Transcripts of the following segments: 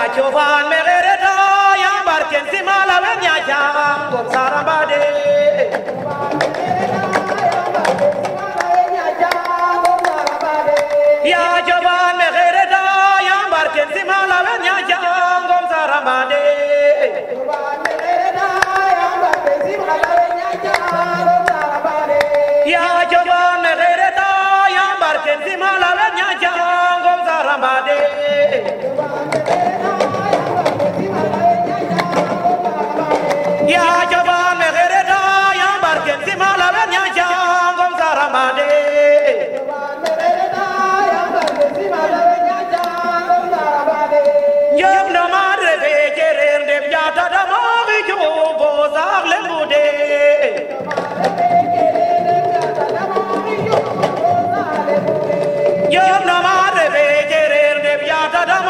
yaa cofaan mexere taa yaa barken si malawer yaa caam gom sarambade yaa cofaan mexere taa yaa barken si malawer yaa caam gom sarambade yaa cofaan mexere taa yaa barken si malawer yaa caam gom sarambade yaa jabaame xereta yaa barken si mala la ñaa jangom saramande njëm na maa refe cereer ndem jaata damaaxi juubo saax le mbude njëm na maa refe cereer ndem jaata damaaxi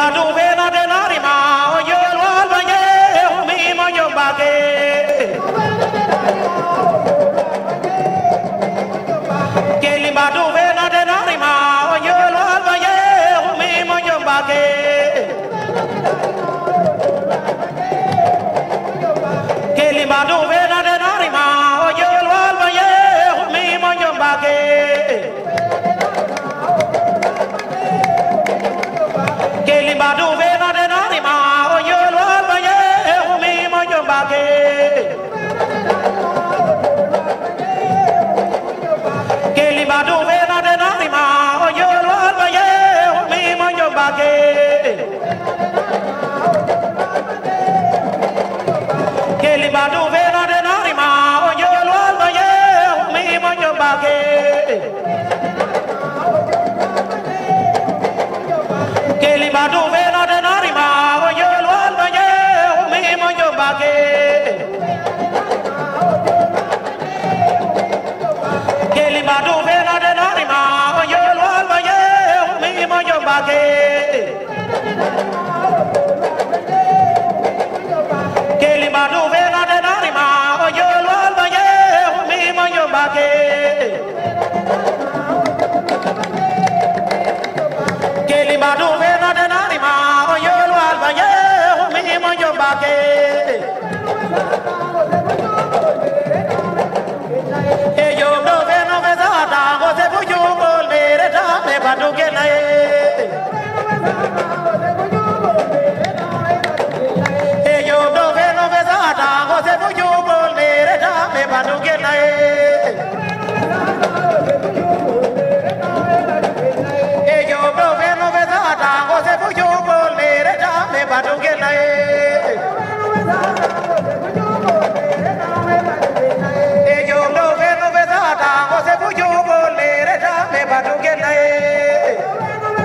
বারো Kelly Madu Venade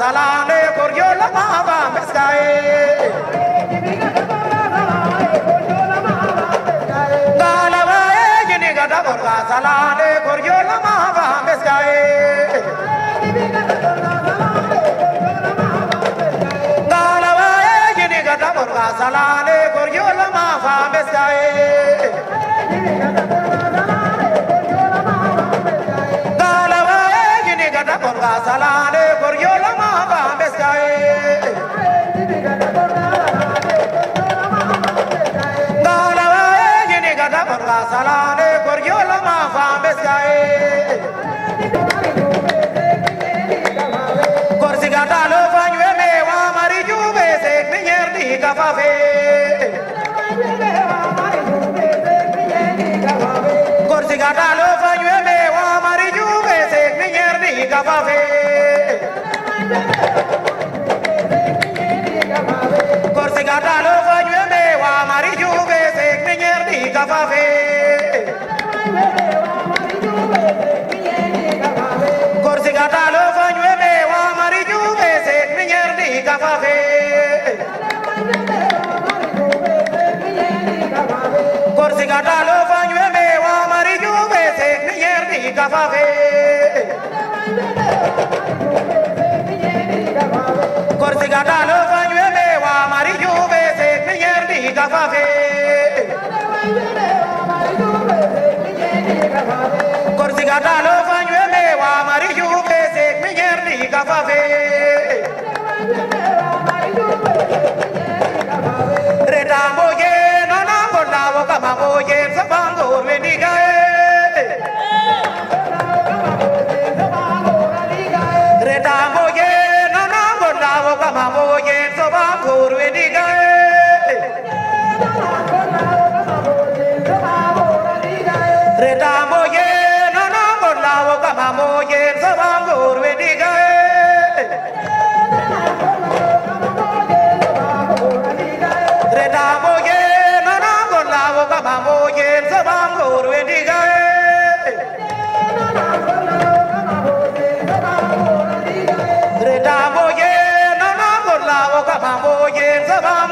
salane koryola mama beskaye salane koryola mama beskaye dalawaye gini gata borga salane koryola mama beskaye dalawaye gini gata borga salane gafafe korsiga talo fanyueme wa marijuɓe sen miñerɗi gafafe korsiga talo fanyueme wa marijuɓe sen miñerɗi gafafe Sabamoye, Sabalo, Menigae. Redamoye, Nanamo, Namo, Kamamoye, Sabako, Menigae. Eh. Redamoye, Nanamo, Namo, Kamamoye, Sabako, Menigae. Baba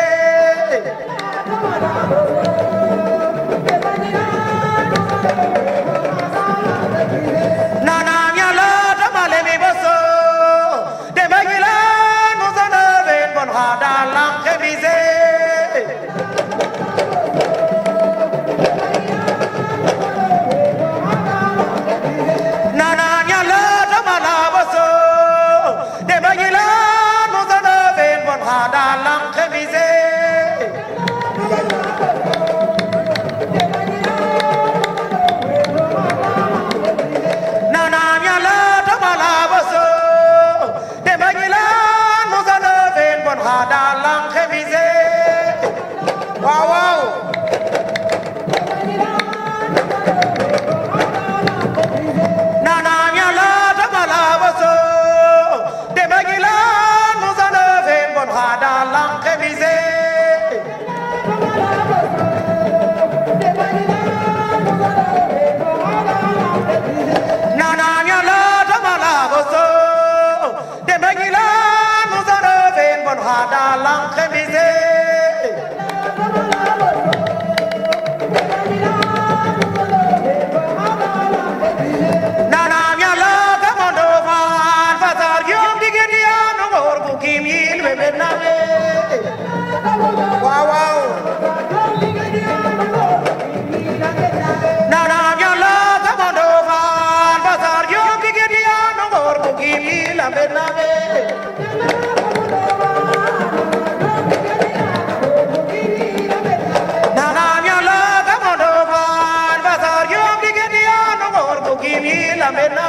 vivir la pena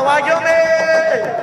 आवाजों में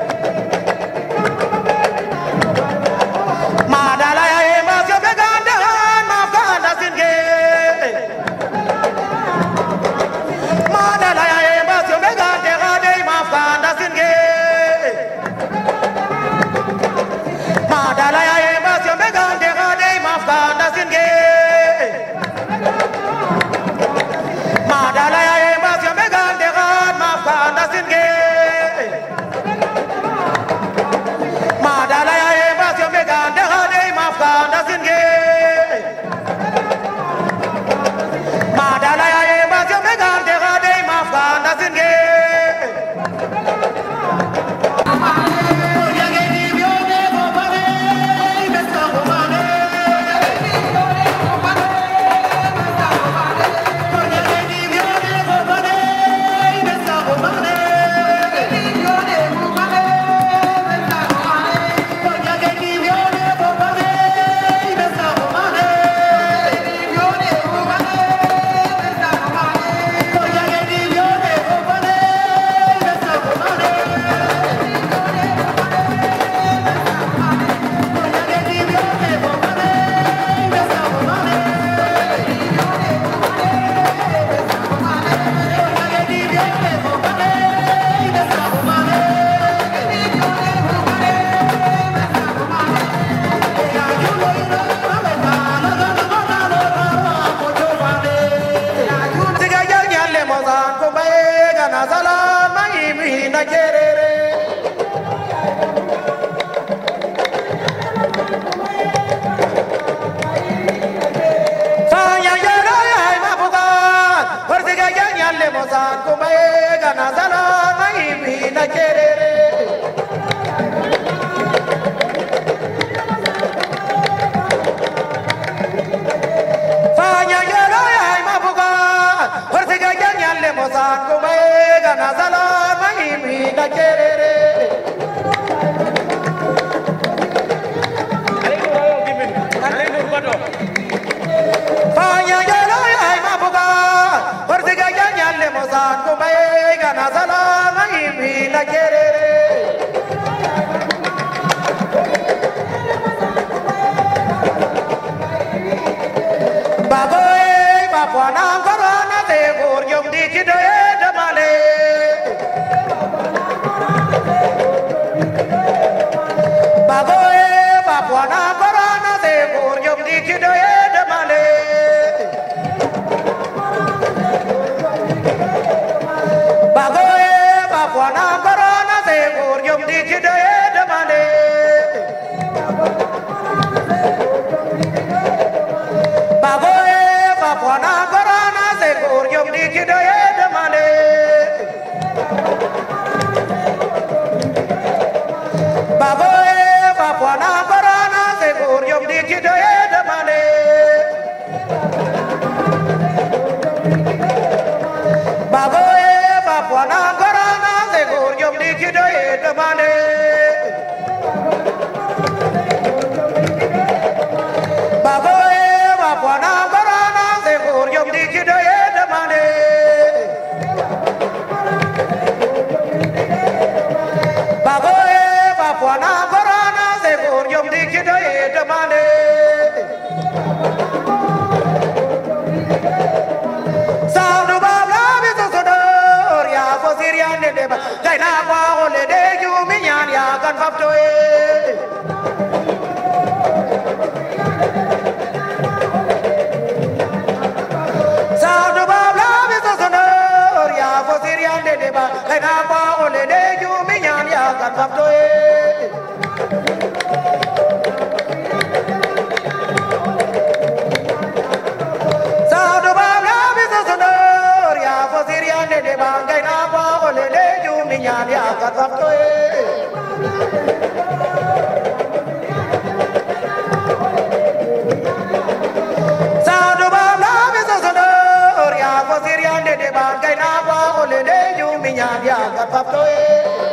Papa Toé.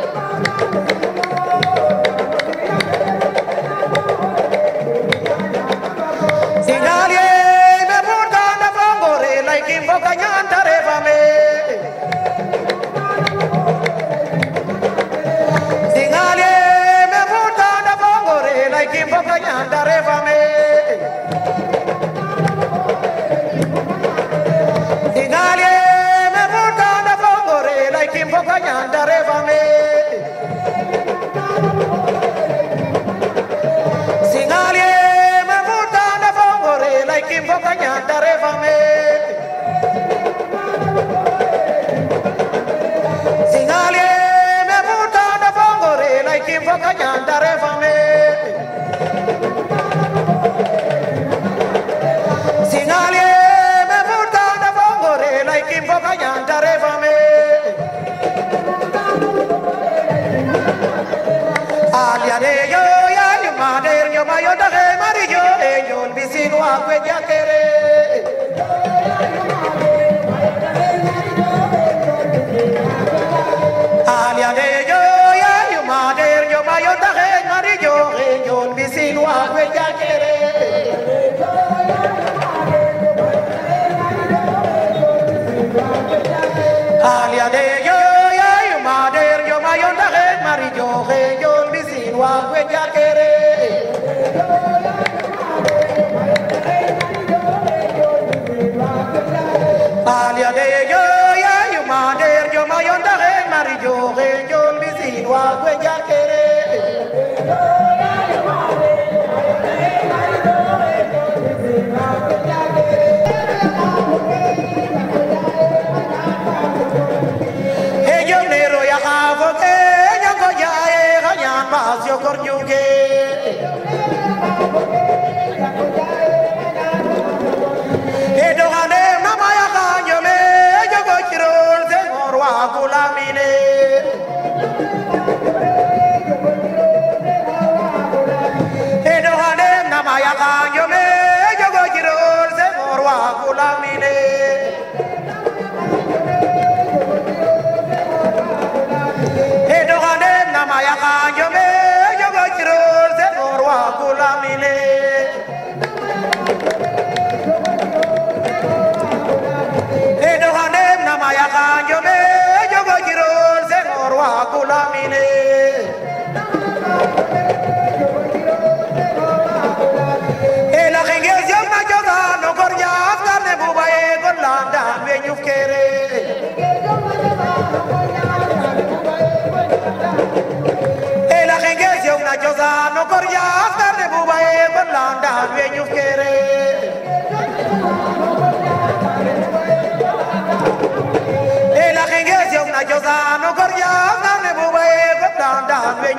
গোলামিরে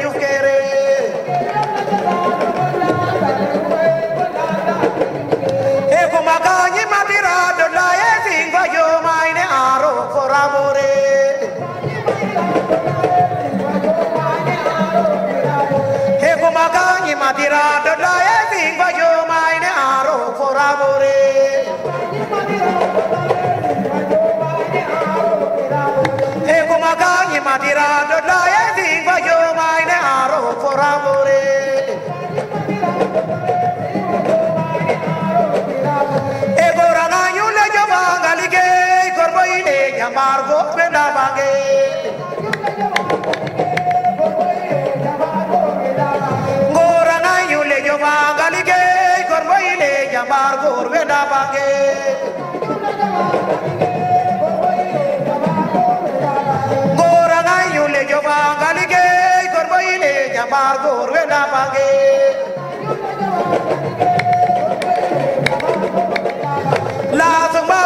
ñu kéré e kuma kañi matira do laye singo jomayne aro foramore e kuma kañi matira do laye singo jomayne aro foramore e kuma go penda bange ngora na yule jo bangali ge gor boile jambar gor penda bange ngora na yule jo bangali ge gor boile jambar gor penda bange la zumba